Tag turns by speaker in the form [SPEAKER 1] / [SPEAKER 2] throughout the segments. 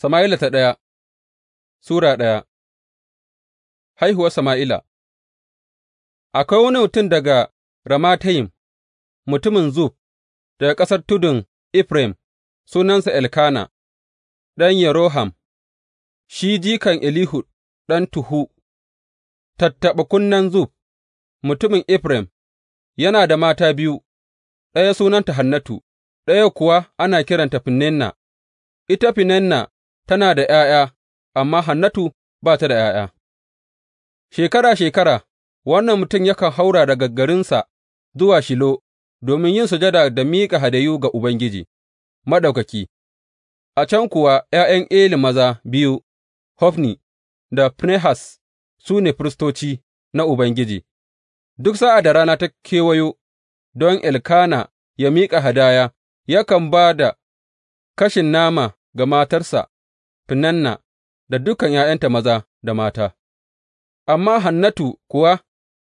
[SPEAKER 1] Sama'ila ta ɗaya Sura ɗaya Haihuwar Sama'ila Akwai wani mutum daga Ramatayim, mutumin Zuf, daga ƙasar tudun Efraim, sunansa Elkana, ɗan Yeroham, shi jikan Elihu ɗan Tuhu, tattaɓa kunnen Zuf, mutumin Efraim, yana da mata biyu, ɗaya sunanta Hannatu, ɗaya kuwa ana kiranta finenna. ita finenna. tana da ’ya'ya, amma Hannatu ba ta da ’ya'ya. Shekara shekara, wannan mutum yakan haura daga garinsa zuwa Shilo domin yin sujada da miƙa hadayu ga Ubangiji Maɗaukaki, a can kuwa ’ya'yan Eli maza biyu, Hofni da Finehas su ne firistoci na Ubangiji, duk sa'ad da rana ta kewayo don Elkana ya miƙa hadaya, yakan ba da kashin nama ga matarsa Finanna da dukan ’ya'yanta maza da mata, amma Hannatu kuwa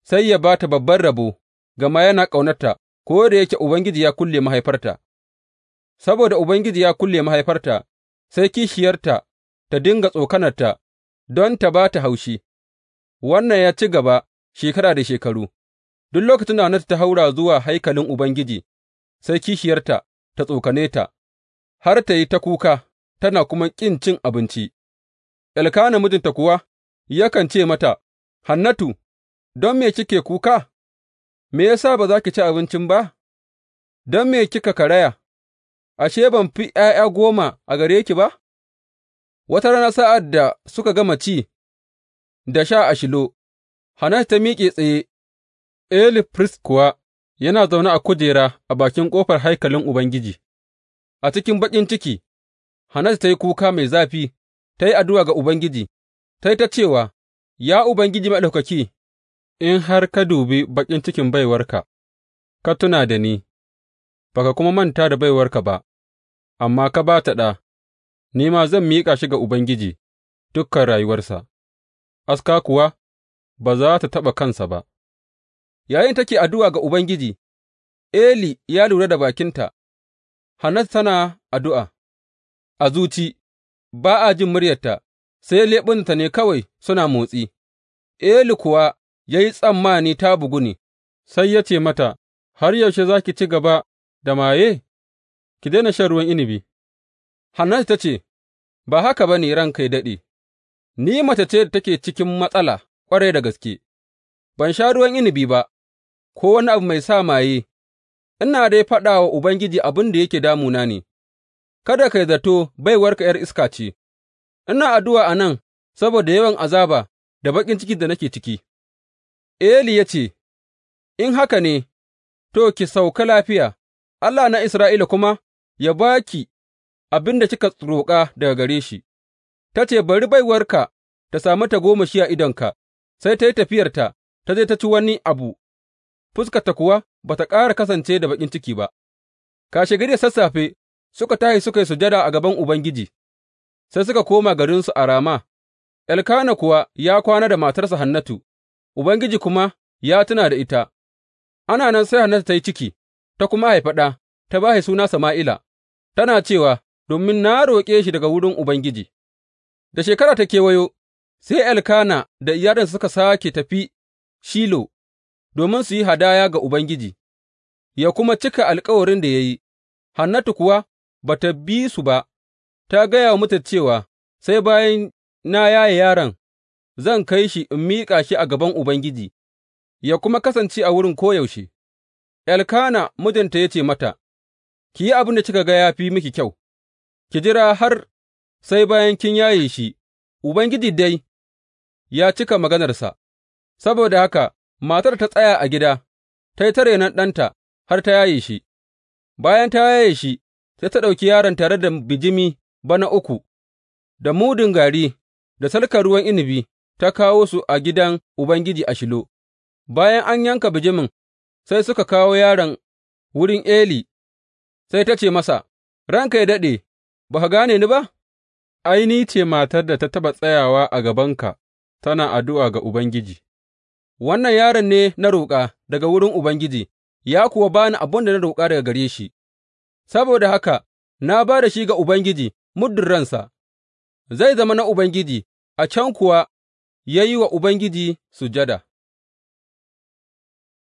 [SPEAKER 1] sai ya ba ta babban rabo, gama yana ƙaunarta ko da yake Ubangiji ya kulle mahaifarta, saboda Ubangiji ya kulle mahaifarta, sai kishiyarta ta dinga tsokanarta don ta ba ta haushi, wannan ya ci gaba shekara da shekaru, duk lokacin da Hannatu ta haura zuwa haikalin Ubangiji, sai kishiyarta ta tsokane ta, har ta yi ta kuka. tana kuma ƙin cin abinci, Elkana mijinta kuwa yakan ce mata, Hannatu, don me kike kuka? Me ya sa ba za ki ci abincin ba? Don me kika karaya? Ashe, ban fi ’ya'ya goma a gare ki ba? Wata rana sa'ad da suka gama ci da sha a Shilo, Hannatu ta miƙe tsaye, Eli Frist kuwa yana zaune a kujera a bakin ƙofar haikalin Ubangiji, a cikin baƙin ciki. Hannatu ta yi kuka mai zafi, ta yi addu'a ga Ubangiji, ta yi ta cewa, Ya Ubangiji Maɗaukaki, in har ka dubi baƙin cikin baiwarka, ka tuna da ni, ba ka kuma manta da baiwarka ba, amma ka ba ta ɗa, ni ma zan miƙa shi ga Ubangiji Dukkan rayuwarsa, aska kuwa ba za ta taɓa kansa ba. Yayin take addu'a ga Ubangiji, Eli ya lura da bakinta, Hannatu tana addu'a. a zuci, ba a jin muryarta, sai leɓunanta ne kawai suna motsi, Eli kuwa ya yi tsammani ta bugu ne, sai ya ce mata, Har yaushe za ki ci gaba da maye? Ki daina shan ruwan inibi. Hannatu ta ce, Ba haka ba ne ran kai daɗe, ni mace ce da take cikin matsala ƙwarai da gaske, ban sha ruwan inibi ba, ko wani abu mai sa maye, ina dai faɗa wa Ubangiji abin da yake damuna ne. Kada ka yi zato baiwarka ’yar iska ce, ina addu'a a nan saboda yawan azaba da baƙin ciki da nake ciki. Eli ya ce, In haka ne, to, ki sauka lafiya, Allah na Isra'ila kuma ya ba ki abin da kika roƙa daga gare shi, ta ce, Bari baiwarka ta sami shi a idonka, sai ta yi tafiyarta, ta je ta ci wani abu, fuskarta kuwa ba ta ƙara kasance da baƙin ciki ba. Kashegari da sassafe suka tashi suka yi sujada a gaban Ubangiji, sai suka koma garinsu a Rama, Elkana kuwa ya kwana da matarsa Hannatu, Ubangiji kuma ya tuna da ita, ana nan sai Hannatu ta yi ciki, ta kuma haifa ɗa, ta ba shi suna Sama'ila, tana cewa, Domin na roƙe shi daga wurin Ubangiji. Da shekara ta kewayo, sai Elkana da iyalinsa suka sake tafi Shilo domin su yi hadaya ga Ubangiji, ya kuma cika alkawarin da ya yi, Hannatu kuwa ba ta bi su ba, ta gaya wa mutar cewa, Sai bayan na yaye yaron, zan kai shi in miƙa shi a gaban Ubangiji, ya kuma kasance a wurin koyaushe. Elkana mijinta ya ce mata, Ki yi abin da kika ga ya fi miki kyau, ki jira har sai bayan kin yaye shi, Ubangiji dai ya cika maganarsa, saboda haka matar ta tsaya a gida, ta yi ta renon ɗanta har ta yaye shi, bayan ta yaye shi, sai ta ɗauki yaron tare da bijimi bana uku, da mudun gari, da salkar ruwan inabi, ta kawo su a gidan Ubangiji a Shilo. Bayan an yanka bijimin, sai suka kawo yaron wurin Eli, sai ta ce masa, Ranka yă daɗe, ba ka gane ni ba? Ai, ni ce matar da ta taɓa tsayawa a gabanka tana addu'a ga Ubangiji. Wannan yaron ne na roƙa daga wurin Ubangiji, ya kuwa ba ni abin da na roƙa daga gare shi, saboda haka na ba da shi ga Ubangiji muddin ransa, zai zama na Ubangiji, a can kuwa ya yi wa Ubangiji sujada.